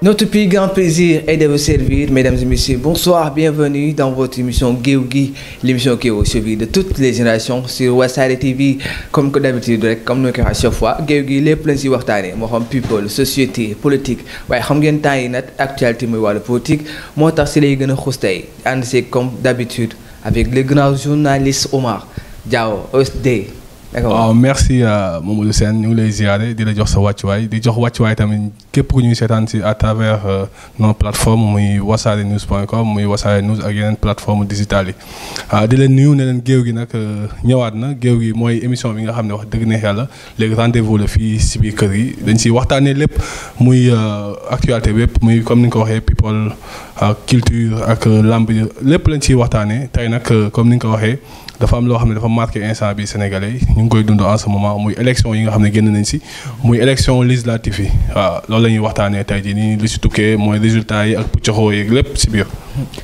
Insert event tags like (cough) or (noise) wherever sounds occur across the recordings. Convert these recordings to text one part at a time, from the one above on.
Notre plus grand plaisir est de vous servir, mesdames et messieurs. Bonsoir, bienvenue dans votre émission Géougui, l'émission qui est au de toutes les générations sur Side TV. Comme d'habitude, comme nous le à chaque fois, Géougui les lañ si waxtaanee moo xam people société politique waaye xam ngeen temps yi actualité muy politique moi, je suis lay gën a et c'est comme d'habitude avec le grand journaliste Omar Diao OSD. d'accord merci euh, Mamadou Sen, ñu les lay ziare di la jox sa wàccuwaay di jox wàccuwaay képp pour ñuy seetaan si à travers euh, nos plateformes muy wasaare news point com muy wasaare news ak yeneen plateforme digitale yi ah, di leen nuyu ne leen géew gi nag euh, ñëwaat na géew gi mooy émission bi nga xam ne wax dëgg neex yàlla léegi rendez-vous le fii si biir kër yi dañ si waxtaanee lépp muy euh, actualité bi yëpp muy comme ni nga people culture ak lamb lépp lañ siy waxtaanee tey nak comme ni nga dafa am loo xam ne dafa marqué instant bi sénégalais ñu ngi koy dund en ce moment muy élection yi nga xam ne génn nañ si muy élection législative yi waaw loolu la ñuy waxtaanee tey jii nii li si tukkee mooy résultat yi ak puccaxoo yeeg lépp si biir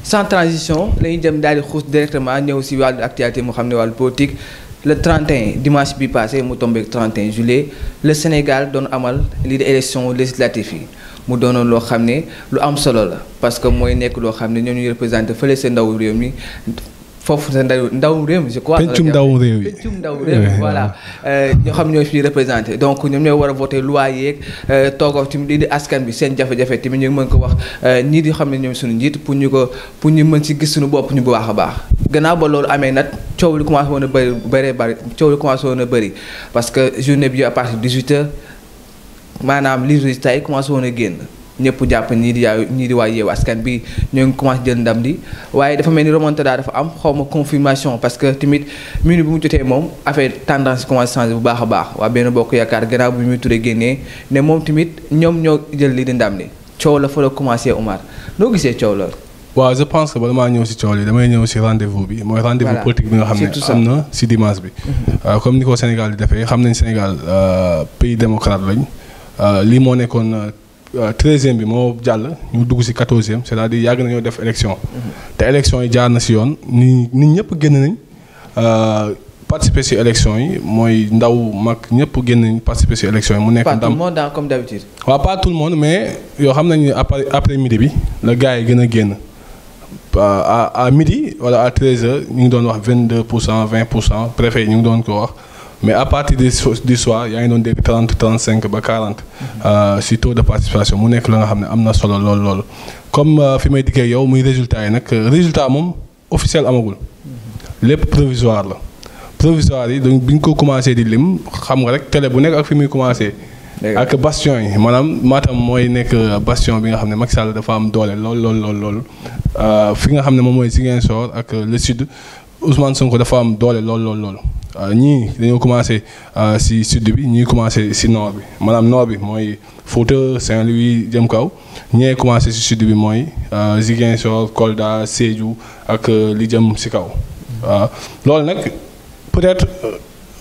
sans transition lañuy dem daal di xuus directement ñëw si wàllu actualité mu xam ne wàllu politique le 31 dimanche bi passé mu tombé 31 juillet le Sénégal doon amal lii di élection législative yi mu doonoon loo xam ne lu am solo la parce que mooy nekk loo xam ne ñoo ñuy représenté fële seen ndaw réew mi foofu sa ndaw ndaw réew je crois. pencum euh, ndaw réew yi pencum ndaw réew mi voilà. Euh, ñoo xam ñoy fi représenter donc ñom ñoy wara voter loi yek euh togo tim di askan bi seen jafé jafé tim ñu mën ko wax euh, ñii di xam ne ñoom suñu njit pour ñu ko pour ñu mën ci gis suñu bop ñu bu baax baax. gëna ba lolu amé nag ciow li commencé wona a bëri bari ciow li commencé wona a parce que journée bi à partir de 18h manam li résultat yi commencé wona a génn ñëpp jàpp dire ni di bi commencé jël ndam di dafa confirmation parce que tamit minute mu tendance commencé changé bu baax a baax waa bokk yaakaar gannaaw bi muy turee génnee ne moom tamit ñoom jël di ndam Omar je pense que rendez-vous bi rendez-vous politique dimanche mhm. euh, comme ni ko Sénégal di Sénégal euh, pays démocrate lañ euh, 13e euh, bi mo jall ñu dugg 14 e c'est-à-dire yag y def élection. Mhm. té élection yi jaar na ci yoon ni nit euh, ñëpp génn nañ participer à élection yi moy ndaw mak ñëpp participer à élection mu nekk ndam pas tout le monde hein, comme d'habitude. pas tout le monde mais xam après midi bi gars yi gën à midi wala à 13h ñu donnons wax 22 20 préfet ñu ko wax. Mais à partir du, soir, il y a une 30, 35, 40 euh, le taux de participation. Mon école, amna solo Comme euh, fi may yow résultat résultat officiel amagul. Mhm. Lepp provisoire là Provisoire donc biñ ko commencé di lim xam nga rek télé bu commencé. bastion Madame, Matam euh, bastion bi nga xam Macky Sall dafa am lool lool lool lool euh, fi nga le sud Ousmane Sonko dafa am euh, ñii dañu commencé euh, si sud bi ñi commencé si nord bi manam nord bi moy Fouta Saint-Louis jëm kaw ñee commencé si sud bi moy mooy euh, Ziguinchor Kolda Sédhiou ak li jëm si kaw. waaw loolu peut-être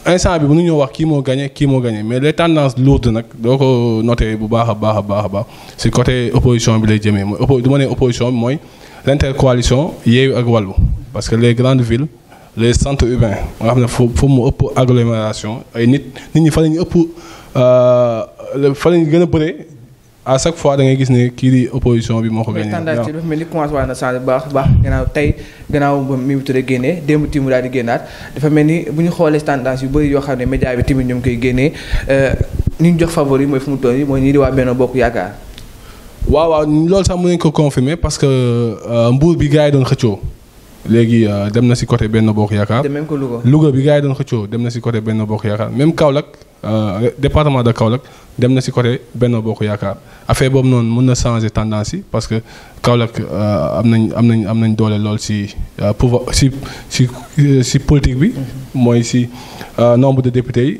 instant bi ñu wax ki mo gagner ki mo gagner mais les tendances lourdes nak doko noter bu baaxa baaxa baaxa a baax a côté opposition bi lay jëmee moy oppo du ma opposition moy l'intercoalition Yewwi ak Wallu parce que les grandes villes les centres urbains nga xam ne foofu mu ëpp agglomération ay nit nit ñi fa la ñu ëpp euh, fa la ñu gën à chaque fois da ngay gis ne kii di opposition bi moko ko. gagné waaw mais tendance dafa mel ni commencé waa na changé bu baax baax gannaaw tey gannaaw ba mi mu tuddee génnee démb timmu daal di génnaat dafa mel ni bu ñu xoolee yu bari yo xamné ne média bi timit ñum koy génnee euh ñu jox favori moy fu mu toll nii mooy di wa Benno Bokk yaaka waaw waaw loolu sax mu ñu ko confirmer parce que euh, mbour bi gaay doon xëccoo léegi euh, dem na si côté benn bokk yaakaar. même que Louga. Louga bi gars yi doon xëccoo dem na si côté benn bokk yaakaar même Kaolack euh, département de Kaolack dem na si côté benn bokk yaakaar affaire boobu noonu mën na changer tendance yi parce que Kaolack euh, am nañ am nañ am nañ doole lool si pouvoir si si si politique bi. mooy si nombre de députés yi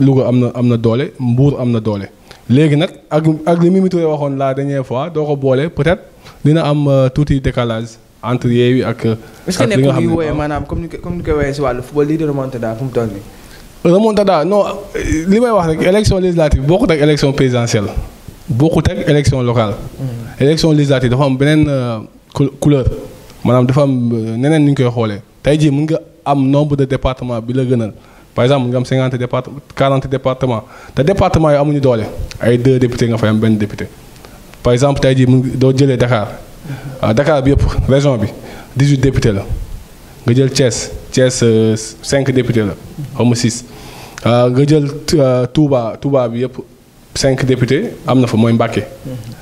Louga am na am na doole Mbour am na doole. léegi nag ak ak li waxoon la dernière fois doo ko boole peut-être dina am tuuti décalage entre Yewwi ak. est-ce que nekkul ñuy wooyee comme comme ni ko wooyee le football de remontada fu mu toll nii. remontada non li may wax rek élection législative beaucoup ak élection présidentielle d'élections ak élection locale. Mm-hmm. élection législative dafa am euh, couleur Madame, dafa am euh, neneen ni ñu koy un mën nombre de départements bi la gënal par exemple nga am 50 départements, 40 départements, te département yi amuñu a ay deux députés nga fay am benn député par exemple tey jii mën doo jëlee Dakar ah Dakar bi yëpp région bi 18 députés la nga jël Thiès Thiès 5 euh, députés la xaw ma 6 ah, nga jël euh, Touba Touba bi yëpp 5 députés am na fa mooy Mbacké mhm.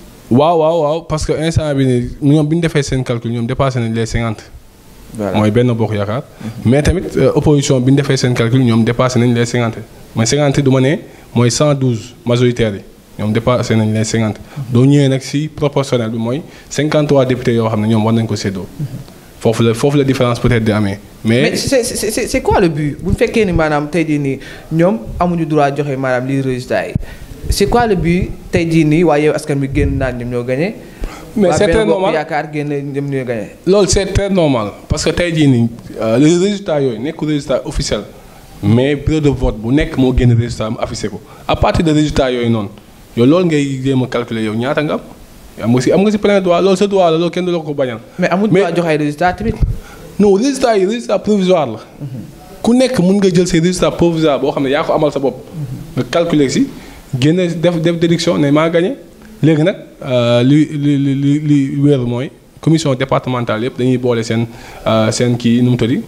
waaw waaw waaw parce que instant bi nii ñoom bi ñu defee seen calcul ñoom dépassé nañ les 50 voilà mooy benn bokk yaakaar. Mhm. mais tamit euh, opposition bi ñu defee seen calcul ñoom dépassé nañ les 50 mais 50 du ma ne mooy cent douze majoritaires yi ñoom dépassé nañ les 50 mhm. doo ñëwee nag si proportionnel bi mooy 53 trois députés yoo xam ne ñoom war nañ ko séddoo. Mhm. foofu la foofu la différence peut-être di amee. mais mais c'est c'est c'est quoi le but bu fekkee ni maanaam tey jii nii ñoom amuñu droit joxe maanaam lii résultat yi c'est quoi le but tey jii nii waaye yow askan bi génn naan ñoom ñoo gagné. mais c'est très normal yaakaar c'est très normal parce que tey jii nii euh, les résultats yooyu nekkul résultat officiel mais bureau de vote bu nekk moo génn résultat am affiché ko à partir de résultats yooyu non yow loolu ngay jéem a calculer yow ñaata nga am. am nga si am nga si plein droit lol sa droit lol loolu kenn du la ko bañal. mais amul droit joxe résultat résultats tamit. non résultats yi résultats provisoires la. Mhm. ku nekk mun nga jël say résultats provisoires boo xam ne yaa ko amal sa bopp. Mhm. nga calculer si génne def def déduction ne ma gagné légui nak euh li li li wër moy commission départementale yëpp dañuy bolé sen euh sen ki num mu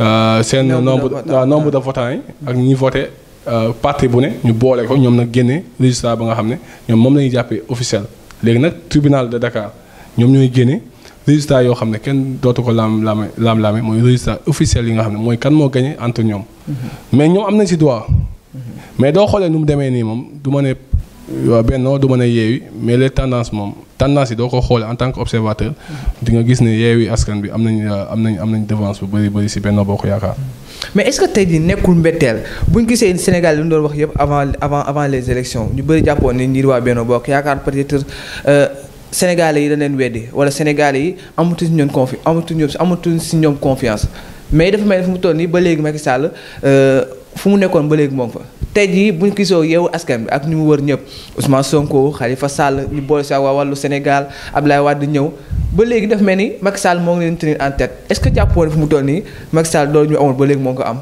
euh sen nombre nombre de votants ak ñi voté euh parti bu ne ñu bolé ko ñom nak génné résultat ba nga xamné ñom mom moom jappé officiel légui nak tribunal de Dakar ñom ñoy génné résultat yo xamné ken kenn dootu ko lam lam lam laame moy résultat officiel yi nga xamné moy kan mo gagné entre ñom mhm. mais ñom amna ci droit mais doo xoolee nu mu demee nii moom du ma ne Benno du ma ne mais les tendances moom tendance yi doo ko xoolee en tant que observateur di nga gis ne Yewwi askan bi am nañ euh, am nañ am nañ devance bu bëri bëri Benno Bokk Yaakaar. mais est-ce que tey jii nekkul mbetteel bu ñu gisee Sénégal li ñu doon wax avant avant avant les élections ñu bëri jàppoon ne ñi waa Benno Bokk Yaakaar peut-être. Euh, Sénégalais yi dañ leen weddi wala Sénégalais yi amatuñ si ñoom confi amatuñ si ñoom confiance mais dafa mel ni fu mu toll nii ba léegi Macky Sall euh, fu mu nekkoon ba léegi moom ngi fa tey jii buñ gisoo yeewu askan bi ak ñu mu wër ñëpp Ousmane Sonko fa Sall ñu boole si waa wàllu Sénégal Abdoulaye Wade ñëw ba léegi daf mel ni Macky Sall moo ngi leen tenir en ce que jàppoon fu mu toll nii Macky Sall ba léegi moo ko am.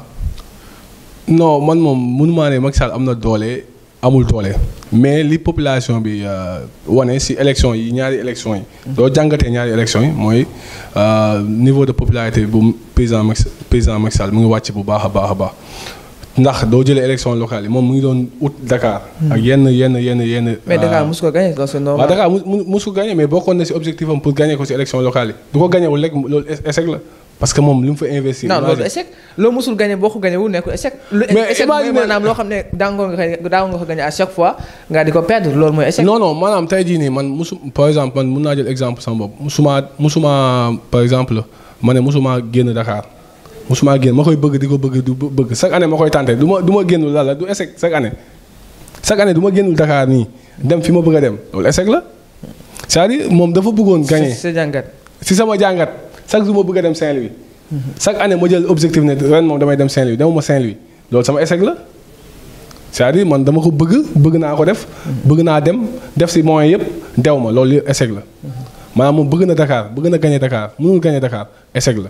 man moom mënumaa ne mag Sall am na doole amul doole mais li population bi euh, wane si élection yi ñaari élection yi. Mm-hmm. doo jàngatee ñaari élection yi mooy euh, niveau de popularité bu président Macky président Macky Sall mu ngi wàcc bu baax a baax a baax. ndax doo jëlee élection locale yi moom mu ngi doon ut Dakar. ak hmm. yenn yenn yenn yenn. mais ah. Dakar mosu ko gagné c'est normal. waaw Dakar mosu ko gagné mais bokkoon na si objectif am pour gagné ko si élection locale yi du ko gagné wul rek loolu échec la parce que moom li mu fa investir. non loolu échec loo mosul gagné boo ko gagné wul nekkul échec. mais échec mooy maanaam loo xam ne daangoo nga daangoo nga ko gagné à chaque fois nga di ko perdre loolu mooy échec. non non maanaam tey jii nii man mosu par exemple man mun naa jël exemple sama bopp mosuma mosuma par exemple ma ne mosuma génn Dakar. musuma génn ma koy bëgg di ko bëgg du bëgg chaque année ma koy tenté du ma duma ma génnul la du échec chaque année chaque année du ma génnul Dakar nii dem fi ma bëgg a dem loolu échec la cest à moom dafa bëggoon gagné si jàngat si sama jàngat chaque jour ma bëgg dem Saint-Louis chaque année ma jël objectif ne ren moom damay dem Saint-Louis demuma Saint-Louis loolu sama échec la man dama ko bëgg bëgg naa ko def bëgg naa dem def si moyens yëpp dew ma loolu échec la maanaam moom bëgg na Dakar bëgg na gagné Dakar mënul gagné Dakar échec la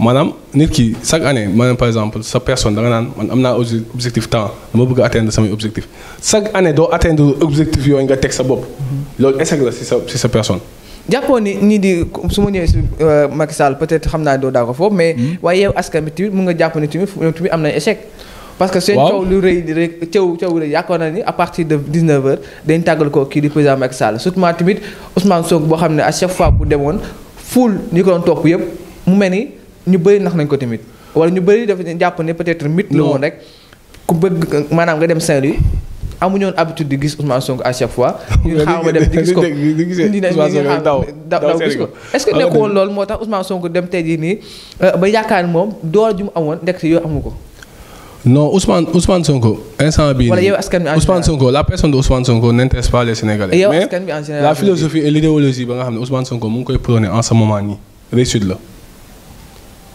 maanaam nit ki chaque année maanaam par exemple sa personne da nga nan man am objectif temps dama bëgg atteindre sama objectif chaque année do atteindre objectif yo nga tek sa bop loolu échec la ci sa ci sa personne jàppoon ni ñii di suma ñëw ci euh, Macky Sall peut-être xamna do da ko fo mais hmm. waaye yow askan bi tamit mun nga jàpp ni tamit ñoom tamit échec parce que c'est coow lu reuy di rek coow coow rëy yaakaar ni à partir de 19 h dañ tàggal ko ki di président Macky Sall surtout timit Ousmane Sonko bo xamné à chaque fois bu démon full ni ko don top yëpp mu melni ñu bëri nax nañ ko tamit wala ñu bëri dafa jàpp ne peut-être mythe la woon rek ku bëgg maanaam nga dem Saint-Louis amuñu woon habitude di gis Ousmane Sonko à chaque fois. ñu (laughs) gis ko moo tax Ousmane dem tey jii nii euh, ba yaakaar moom door ju mu amoon ndekk si ko. non Ousmane Ousmane askan bi en général la philosophie et l'idéologie ba nga xam ne Ousmane Sonko mu ngi koy prôné en ce moment nii la.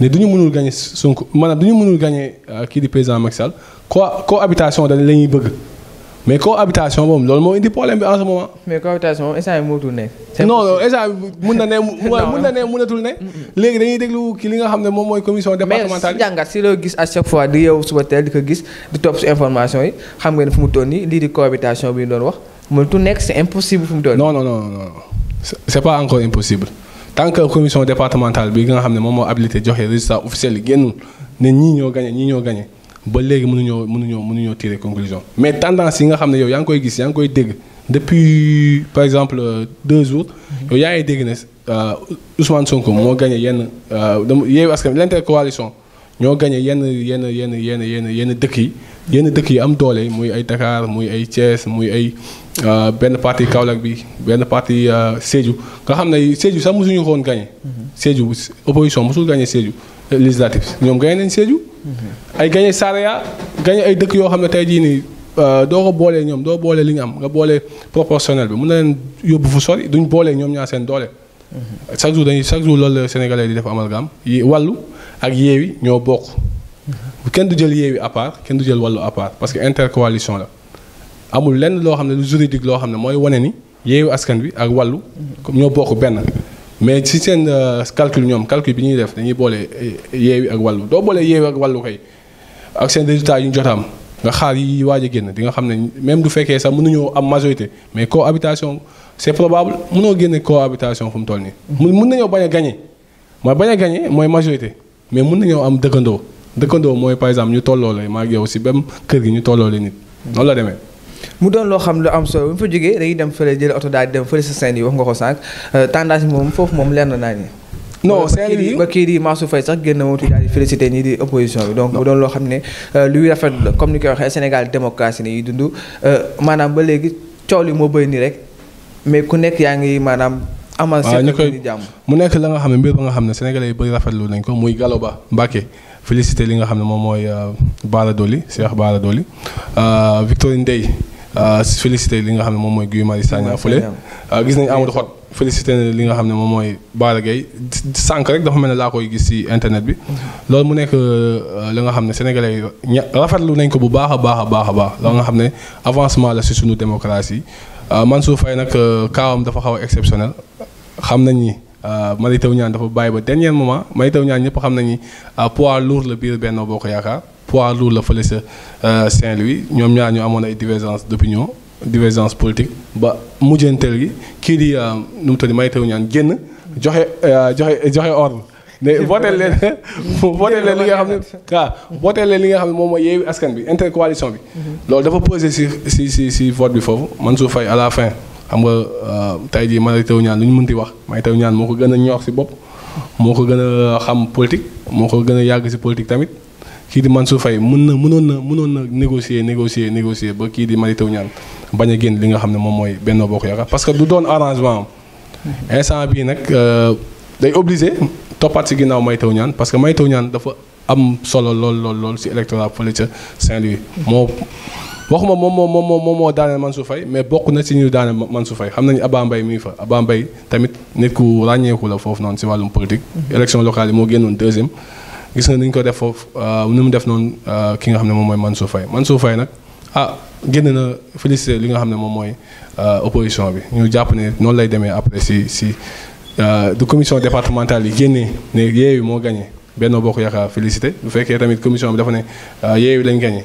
ne duñu ñu mënul gagné Sonko maanaam du ñu mënul gagné euh, kii di président Macky Sall cohabitation dañ la ñuy bëgg mais cohabitation boobu lool mo indi problème bi en ce moment. mais cohabitation instant mo mënatul né non non instant yii mun na né mun na ne mënatul né légui dañuy déglu ki li nga xamné mom moy commission départementale. mais si jàngat si lo gis à chaque fois di yow suba tel di ko gis di top information yi xam ngeen fu mu toll li di cohabitation bi doon wax mënatul nekk c'est impossible fu mu toll. non non non non c'est pas encore impossible tant que commission départementale bi nga xamné mom mo habilité joxe résultat officiel yi génnul ne ñii ñoo gagné ñi ñoo gagné ba légui mënu mënu mënuñoo mënu mënuñoo tirer conclusion mais tendance yi nga xamné yow yang koy gis yang koy dégg depuis par exemple euh, deux jours mhm. yow yaa ngi dégg ne euh, Ousmane Sonko mo gagné yenn euh, Yewwi Askan Wi l'intercoalition ñoo gagné yenn yenn yenn yenn yenn yenn dëkk yi yenn dëkk yi am doolé muy ay Dakar muy ay Thiès muy ay euh, benn parti Kaolack bi benn parti euh, Sédhiou nga xam ne Sédhiou sax mosuñu xoon gagné. Mhm. Sédhiou opposition mosul gagné Sédhiou législatif ñoom gagné nañ Sédhiou. Mhm. ay gagné Saraya gagné ay dëkk yoo xam ne tey jii nii euh, doo ko boolee ñoom doo boolee li nga am nga boolee proportionnel bi mun na leen yóbbu fu sori duñ boolee ñoom ñaar seen doole. Mhm. chaque jour dañuy chaque jour loolu la Sénégalais di def amalgame yi wàllu ak yeewi ñoo bokk. kenn du jël yeewi à part kenn du jël wàllu à part parce que intercoalition la. amul lenn loo xam ne lu juridique loo xam ne mooy wane ni yeewu askan bi ak wàllu comme ñoo bokk benn mais ci seen euh, calcul ñoom calcul bi ñuy def dañuy boole euh, yeewi ak wàllu doo boole yeewi ak wàllu kay ak seen résultat yu ñu jot am nga xaar yi waaj a génn di nga xam ne même du fekkee sax mënuñoo am majorité mais cohabitation c'est probable mënoo génne cohabitation fu mu toll nii. mu mën nañoo bañ a gagné mooy bañ a gagné mooy majorité mais mën nañoo am dëkkandoo dëkkandoo mooy par exemple ñu tolloo la maa ngi yow kër gi ñu tolloo la nit noonu la demee. mu doon loo xam lu am solo bu ñu fa jógee dañuy dem fële oto daal di dem fële sa Saint-Louis wax nga ko sànq euh, tendance moom foofu moom leer naa ni non Saint-Louis ba kii di Mansour Faye sax génn moom daal di félicité ñii di opposition bi donc mu doon loo xam ne euh, luy rafet la comme ni koy waxee Sénégal démocratie ni yi dund euh, maanaam ba léegi coow yi moo bëri nii rek mais ku nekk yaa ngi maanaam amal seen jàmm mu nekk la nga xam ne mbir ba nga xam ne sénégalais yi bëri rafetlu nañ ko muy Galo Ba félicité li nga xam ne moom mooy baala euh, Bara Dolly Cheikh Bara Dolly euh, Victorine Ndeye euh, félicité li nga xam ne moom mooy Guy Marius Sagna fële gis nañ Amadou félicité li nga xam ne moom mooy Bara sànq rek dafa mel ne laa koy gis ci internet bi mhm. loolu mu nekk la nga xam ne sénégalais yi rafetlu nañ ko bu baax a baax a baax a baax la nga xam ne avancement la ci sunu démocratie Mansour fay nag kaawam dafa xaw a exceptionnel xam nañ ni Euh, Mary Teuw Niane dafa bàyyi ba dernier moment Mary Teuw ñëpp xam euh, poids lourd la euh, Saint-Louis ñoom ñaar ñu amoon ay divergences d'opinion divergence politique ba mujjanteel gi kii di nu mu tudd joxe joxe joxe ordre. ne leen (laughs) leen li nga ne si si si à la fin. xam nga euh, tey jii Mary Teuw Niane lu ñu mënti wax Mary wu Niane moo ko gën a ñoox si bopp moo ko gën a xam politique moo ko gën a yàgg si politique tamit kii di man su Faye mën na mënoon na mënoon na négocier négocier négocier ba kii di Mary wu Niane bañ a génn li nga xam ne moom mooy benn Bokk Yaakaar parce que du doon arrangement am instant bii nag euh, day obligé toppaat si ginnaaw Mary Teuw Niane parce que Mary Teuw Niane dafa am solo lool lool lool si électorat fële ca Saint-Louis moo waxuma moom moo moom moom moo mais bokk na si ñu xam nañu Mbaye mi fa Abba Mbaye tamit nit ku ràññeeku la foofu noonu si wàllum politique. Mhm. élection locale yi moo deuxième. gis nga ni ko def foofu euh, nu mu def noonu euh, ki nga xam ne moom mooy ah génn na félicité li nga xam ne moom mooy euh, opposition bi ñu jàpp ne noonu lay demee après si si du commission départementale yi génnee ne gagné Benno Bokk yaaka félicité bu tamit commission bi dafa lañ gagné.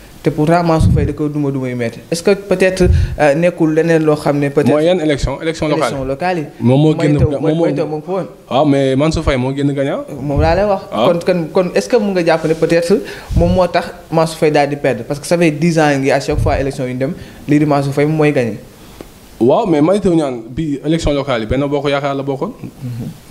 te pourtant Mansour Faye da ko duma duma yu metti est-ce euh, nekkul leneen loo xam ne. peut-être mooy yan élection élection locale yi. moom moo génn moom mooy waaw mais Mansour Faye moo génn gagnant. moom laa lay wax. Ah. kon kon est mun nga jàpp ne peut-être moom moo tax Mansour Faye daal di perdre parce que ça fait dix ans ngi à chaque fois élection yu ñu dem lii di Mansour Faye mooy gagné. waaw mais Mary Ñaan bi élection locale yi benn bokk yaakaar la bokkoon.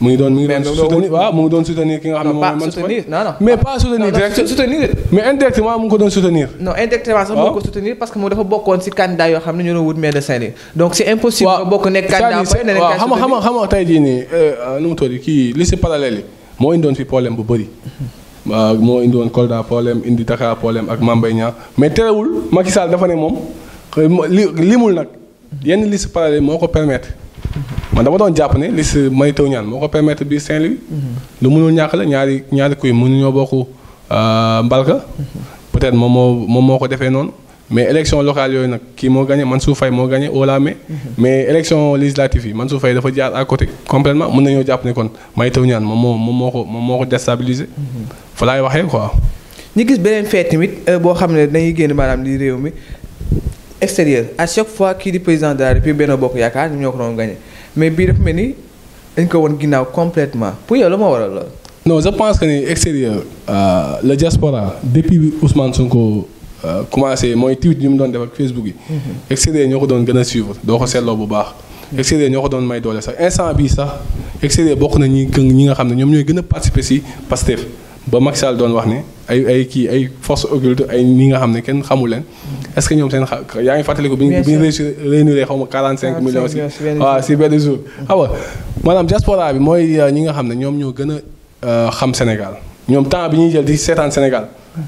mu ngi doon mu ngi doon soutenir waaw mu ngi doon soutenir ki nga xam ne moom mooy. man soutenir non non mais pas soutenir direct soutenir mais indirectement mu ngi ko doon soutenir. non indirectement sax mu ko soutenir parce que moom dafa bokkoon ci candidat yoo xam ne ñu doon wut maire de saint donc c'est impossible. waaw bokk nekk candidat ne waaw xam nga xam nga xam nga tey jii nii euh, nu mu tudd kii c'est parallèle yi moo indoon fi problème bu bëri. moo indi woon Kolda problème indi Dakar problème ak Mambay Niang mais terewul Macky Sall dafa ne moom limul nag yenn liste parallèle moo ko permettre man dama doon jàpp ne liste Mary Teuw moo ko permettre bi Saint-Louis. lu mënul ñàkk la ñaari ñaari kuy mënuñoo bokk euh, mbalka. peut-être moom moo moom moo ko defee noonu. mais élection locale yooyu nag kii moo gagné Mansour fay moo gagné au la mais élection législative yi Mansour fay dafa jaar à côté complètement mën nañoo jàpp ne kon Mary Teuw Niane moom moo moom moo ko moom moo ko déstabilisé. fa laay waxee quoi. ñu gis beneen fête tamit euh, boo xam ne dañuy génn maanaam di réew mi extérieur à chaque fois qu'il est président de la République il y a un doon gagné mais a un complètement pour y la non je pense que l'extérieur euh, la diaspora depuis Ousmane Sonko euh, commencé tweet c'est Facebook yi. Mhm. extérieur ñoo doon a a suivre doo ko bu baax. extérieur doon may doole sax instant bi sax na ñi nga ba Macky doon wax ne ay ay kii ay force occulte ay ñi nga xam ne kenn xamu leen est-ce que ñoom seen xa yaa ngi fàttaliku. bi ñu bi ñu réunir xaw ma 45 ah, millions. si waaw si benn jour. xam nga maanaam diaspora bi mooy euh, ñi nga xam ne ñoom ñoo gën a euh, xam Sénégal ñoom temps bi ñuy jël di seetaan Sénégal.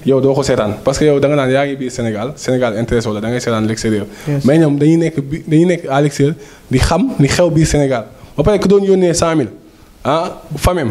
yow doo ko seetaan parce que yow da naan yaa ngi biir Sénégal Sénégal intéressé wala da ngay seetaan l'extérieur mais ñoom dañuy nekk bi dañuy nekk à bi di xam li xew biir Sénégal ba pare ku doon yónnee 100000 ah famem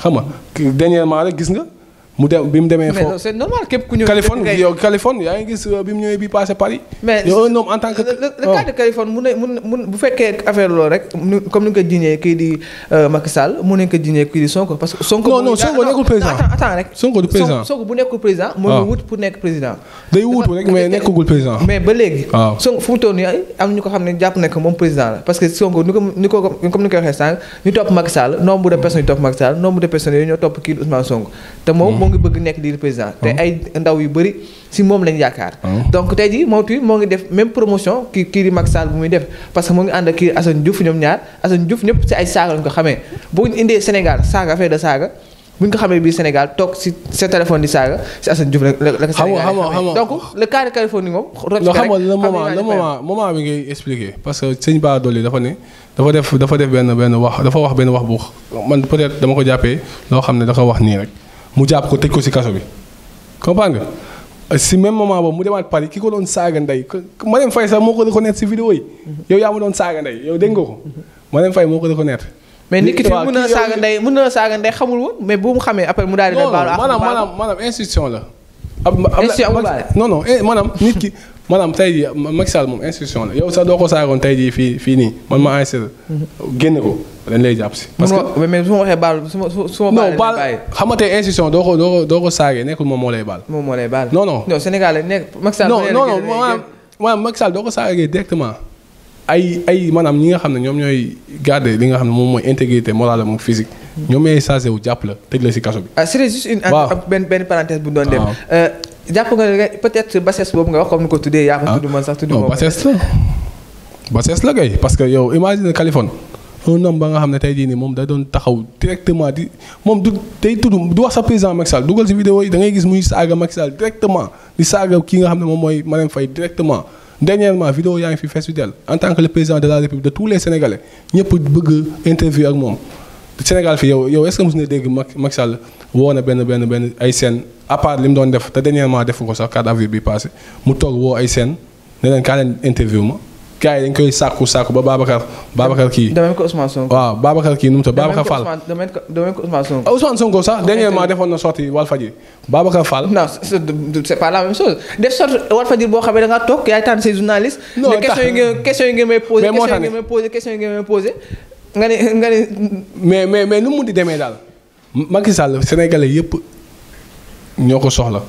xam nga dernièrement rek gis nga. mu dem bi mu demee. mais c'est normal képp ku ñëw. Californie yow Californie ya ngi gis euh, bi mu bi passé Paris. mais yow un homme en tant que. le cas oh. de Californie mu na mun bu féké affaire loolu rek comme ni nga ko jiñee di euh, Macky Sall mu ne ko jiñee kii di Sonko parce que. Sonko non non Sonko nekul président attends rek. Sonko du président Sonko bu nekul président. mo moo ah. wut pour nek président. day wut rek mais nekul président. mais ba légui waaw ah. Sonko fu mu am ñu ko xamné japp nek mom président parce que Sonko ni ko ni ko comme ni ko waxé sànq ñu top Macky Sall nombre de personnes yu topp Macky Sall nombre de personnes ñu top topp Ousmane Sonko té moom hmm. ngi bëgg nekk di président te ah. ay ndaw yu bëri si moom lañ yaakaar ah. donc tey jii moom tamit moo ngi def même promotion kii kii di Macky Sall bu muy def parce que moo ngi ànd ak kii Assane Diouf ñoom ñaar Assane Diouf ñëpp si ay saaga lañ ko xamee boo ñu indee Sénégal saaga affaire de saaga bu ñu ko xamee biir Sénégal toog si sa téléphone di saaga si Assane Diouf rek la ko Sénégal donc le cas de Californie moom non xamoo le moment le moment moment bi ngay expliquer parce que sëñ Ba Dolly dafa ne dafa def dafa def benn benn wax dafa wax benn wax bu man peut-être dama ko jàppee loo xam ne da ko wax nii rek mu jàpp ko tëj ko si kaso bi comprendre nga si même moment boobu mu demaat Paris ki ko doon saaga ndey Marème Faye sax moo ko reconnaître si vidéo yi. Mm-hmm. yow yaa ma doon saaga ndey yow dégg nga ko. Mm-hmm. Marème fay moo ko reconnaître. mais nit ki tamit mën na saaga ndey mën na saaga ndey xamul woon mais bu mu xamee après mu daal di. maanaam maanaam maanaam institution la. ab ab non non eh, maanaam nit ki. maanaam tey jii Macky Sall institution la yow sa do ko saagoon tey jii fi fii nii man ma insisté génne ko dañ lay japp si. parce que mais mais ma waxee baal su ma su ma non baal xam institution do ko do ko doo nekul mom nekkul moom moo lay baal. moom moo lay baal non non. non Sénégal nek Macky non non non maanaam maanaam Macky Sall ko saagee directement. ay ay manam ñi nga xamne ñom ñoy garder li nga xamne mom moy intégrité morale mom physique. ñom ñooy changé wu jàpp la tej la ci kasso bi. ah c'est juste une ben ben parenthèse bu ñu doon dem. jàpp nga ne peut-être bassesse boobu nga wax comme ni ko tuddee yaa ko ah. tudd man sax tudd. non bassesse la bassesse la kay parce que yow imagine Kaliphone un homme ba nga xam ne tey jii nii moom da doon taxaw directement di moom du day tudd du wax sa président Macky Sall dugal si vidéo yi da ngay gis muy saaga Macky Sall directement di saaga ki nga xam ne moom mooy ma Faye directement. dernièrement vidéo yaa ngi fi fees fidèle en tant que le président de la république de tous les sénégalais ñëpp bëgg interview moom Sénégal fi yow yow est-ce que mos na dégg Macky Sall woo na benn benn benn ay à part lim doon def te dernièrement defu ko sax 4 avril bi passé mu toog woo ay seen ne leen kaa leen interview ma gars yi dañ koy sàkku sàkku ba Babacar Babacar kii. de même que Ousmane Sonko. waaw Babacar kii nu mu tudd Babacar Fall de même que de même que Ousmane Sonko. Ah, Ousmane Sonko sax dernièrement defoon na sorti Walfadjri Babacar Fall. non c'est pas la même chose def sorti Walfadjri boo xam ne da nga toog yaay tànn say journalistes. non question yi ngeen question yi ngeen may posé. mais moo tax question yi ngeen may posé nga ne nga ne. mais mais mais nu mu munti demee daal Macky Sall sénégalais yëpp. ñoo ko soxla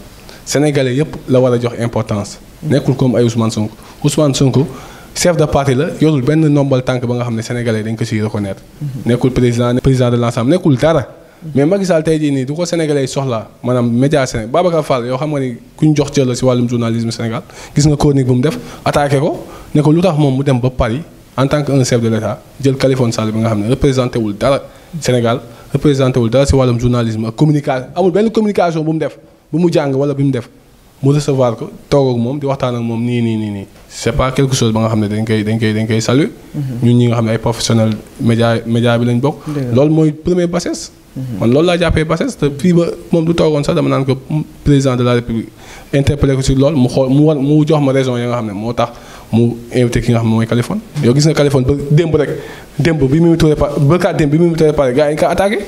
sénégalais yépp la war a jox importance nekkul comme ay Ousmane Sonko Ousmane Sonko chef de parti la yorul benn nombal tànk ba nga xam ne sénégalais dañ ko ciy reconnaître nekkul président président de l'ensemble nekkul dara mais Macky Sall tey jii nii du ko sénégalais soxla maanaam média Sénégal Babacar Fall yoo xam nga ni ku ñu jox cër la ci wàllum journalisme Sénégal gis nga chronique bu mu def attaqué ko ne ko lu tax moom mu dem ba Paris en tant que un chef jël Khalifa Sall bi nga xam ne représenté wul dara Sénégal représenté wul dara si wàllum journalisme ak communication amul benn communication bu mu def bu mu jàng wala bi mu def mu recevoir ko toog ak moom di waxtaan ak moom nii nii nii nii c'est pas quelque chose ba nga xam ne dañ koy dañ koy dañ koy saluer mhm. ñun ñi nga xam ne ay professionnel média média bi lañ bokk loolu mooy premier bassesse mhm. man loolu laa jàppee bassesse te fii ba moom du toogoon sax dama naan ko président de la république interpellé ko si loolu mu xool mu war mu jox ma raison ya nga xam ne moo tax mu invité ki nga xam ne mooy Kaliphone yow gis nga Kaliphone ba démb rek démb bi Mimi Touré pare bërkaat démb bi Mimi Touré pare gars yi dañu ko attaqué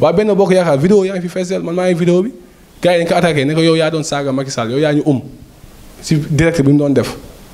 waa benn bokk yaakaar vidéo yaa ngi fi feesal man maa ngi vidéo bi gars yi dañu ko attaqué ne ko yow yaa doon saaga Macky Sall yow yaa ñu um si direct bi mu doon def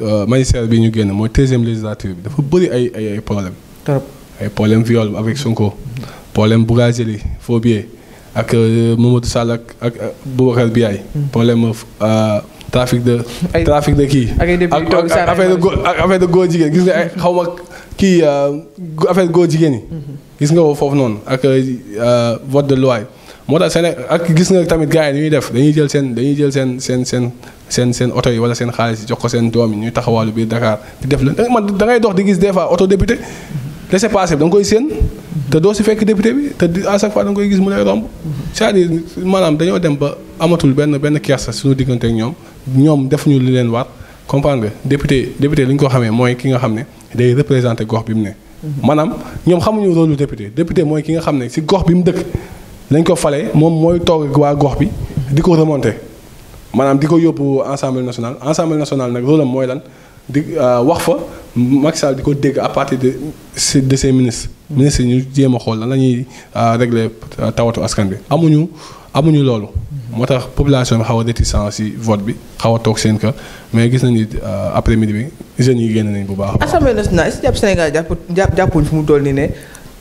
Euh, magistère bi ñu génn mooy treizième législature bi dafa bëri ay ay ay problème ay problème viol avec Sonko problème Bougazelli Fobie ak euh, Mamadou Sall ak ak euh, Boubacar Biaye mm-hmm. problème trafic de trafic de kii ak affaire de go ak affaire de góor jigéen gis nga ay xaw ma kii affaire góor jigéen yi mm-hmm. gis nga woo foofu noonu ak vote de loi moo tax Sénégal ak gis nga tamit gars yi ñuy def dañuy jël seen dañuy jël seen seen seen seen seen oto yi wala seen xaalis jox ko seen doom Dakar di def la eh, man da ngay dox di gis des fois député laissez passer da nga koy te doo si fekk député bi te à chaque fois da nga koy gis mu lay romb c'est-à-dire maanaam dañoo dem ba amatul suñu ñu li leen comprendre député député li ko ne day représenter gox rôle député député mooy ki nga ne si gox bi mu dëkk lañ ko falee toog maanaam di ko yóbbu Assemblée national Assemblée nationale nag rôle am mooy lan di euh, wax fa Macky di ko dégg à partir de de ses ministres. ministre yi ñu jéem a xool lan la ñuy euh, régler tawatu askan bi amuñu amuñu loolu. moo tax population bi xaw a réticent si vote bi xaw a toog seen kër mais gis nañu euh, après midi bi jeunes yi génn nañ bu baax. Assemblée nationale est-ce jàpp Sénégal jàpp jàppuñ fu mu toll nii ne.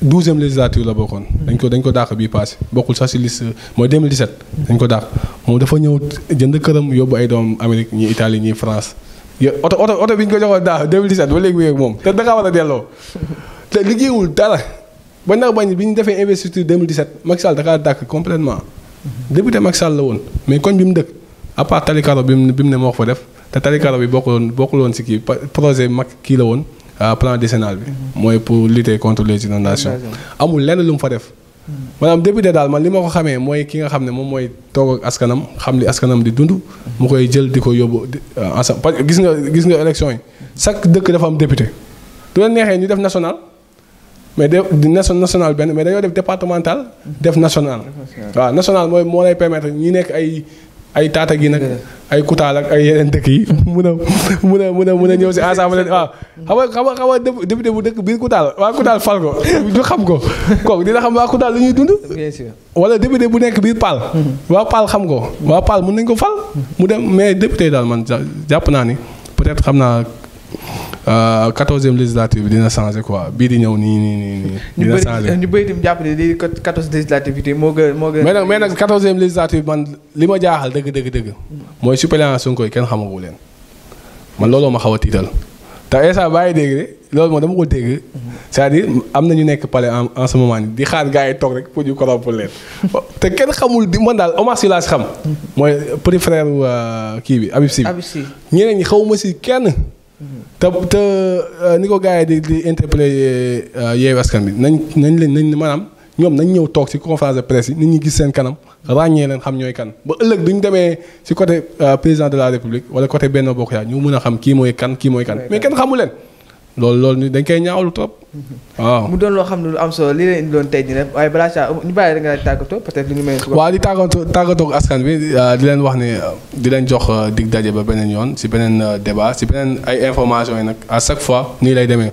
douzième législature la bokkoon. dañ ko dañ ko dàq bii passé bokkul sax si liste mooy 2017. dañ ko dàq moom dafa ñëw jënd këram yóbbu ay doom Amérique ñii Italie ñii France yow oto oto oto bi ñu ko joxoon daaw 2017 ba léegi wéyeeg moom te da war a delloo te liggéeyul dara bañ na bañ bi ñu defee investiture 2017 Macky Sall da kaa dàq complètement député Macky Sall la woon mais koñ bi mu dëkk à part Talikaro bi mu bi mu ne moo ko fa def te Talikaro bi bokkul woon bokkul woon si kii projet mag kii la woon. Euh, plan décennal bi. mooy pour lutter contre les inondations. amul lenn lu mu fa def. Hmm. maanaam député daal man li ma ko xamee mooy ki nga xam ne moom mooy toog ak askanam xam li askanam di dund. mu koy jël di ko yóbbu euh, ensemble parce que gis nga gis nga élection yi chaque dëkk dafa am député. du leen neexee ñu def national mais de national benn mais dañoo def départemental. def national. waaw national mooy moo lay permettre ñi nekk ay. ay taata gi nag ay kutaal ak ay yeneen dëkk yi (laughs) mun a mun a mun a mun a ñëw si assemblée (laughs) waaw xam nga xam nga xam nga député bu dëkk biir kutaal waa kutaal fal ko (laughs) xam ko kooku dina xam waa kutaal lu ñuy dund wala député bu nekk biir paal mhm. waa paal xam ko waa paal mun nañ ko fal mhm. mu dem mais député daal man jàpp naa ni peut-être xam naa Euh, quatorzième législative bi dina changé quoi bii di ñëw nii nii nii nii. dina changé ñu bëri itam jàpp ne lii quatorze législative bi moo gën moo gën. mais nag mais nag quatorzième législative bi man li ma jaaxal dëgg dëgg dëgg. mooy suppléant Sonko yi kenn xamagu leen man looloo ma xaw a tiital te instant bàyyi dégg de loolu moom dama ko dégg c'est-à-dire am na ñu nekk palais en en ce moment di xaar gars yi toog rek pour ñu corrompre leen te kenn xamul di man daal Omar Sy laa si xam. mooy petit frère euh, kii bi Habib Sy. Habib Sy ñeneen ñi xawuma si kenn. te te euh, ni ko gars yi di di interpellé euh, Yewwi Askan Wi nañ nañ leen nañ maanaam ñoom nañ ñëw toog ci conférence de presse yi nit ñi gis seen kanam ràññee leen xam ñooy kan ba ëllëg bi ñu demee ci côté euh, président de la république wala côté Benno Bokk Yaakaar ñu mën a xam kii mooy kan kii mooy kan mais kenn xamu leen. loolu loolu ni dañ koy ñaawlu trop. (laughs) waaw mu doon loo xam ne lu am solo li leen doon tey jii nag waaye balaa saa ñu bàyyi rek nga tàggatoo peut-être lu ñu may. waaw di tàggatoo tàggatoo askan bi di ah, leen wax ne di leen jox ah, dig daje ba beneen yoon si beneen ah, débat si beneen ay information yi nag à chaque fois nii lay demee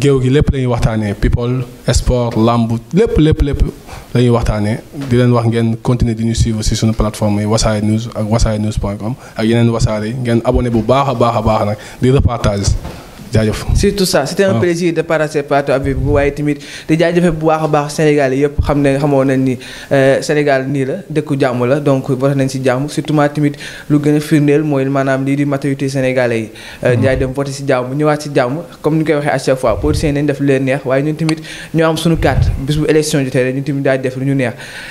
géew gi lépp la ñuy waxtaanee people sport lamb lépp lépp lépp la ñuy di leen wax ngeen continuer di ñu suivre si suñu plateforme yi wasaare news ak wasaare news point com ak yeneen wasaare yi ngeen abonné bu baax a baax a baax nag di C'est tout ça c'était un ah. plaisir de avec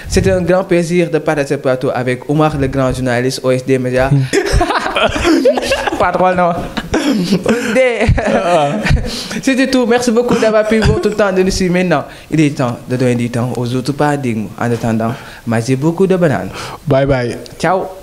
c'était un grand plaisir de avec Omar le grand journaliste OSD hmm. (laughs) pas (laughs) Ah. C'était tout. Merci beaucoup d'avoir tout votre temps de nous suivre. Maintenant, il est temps de donner du temps aux autres paradigmes. En attendant, mangez beaucoup de bananes. Bye bye. Ciao.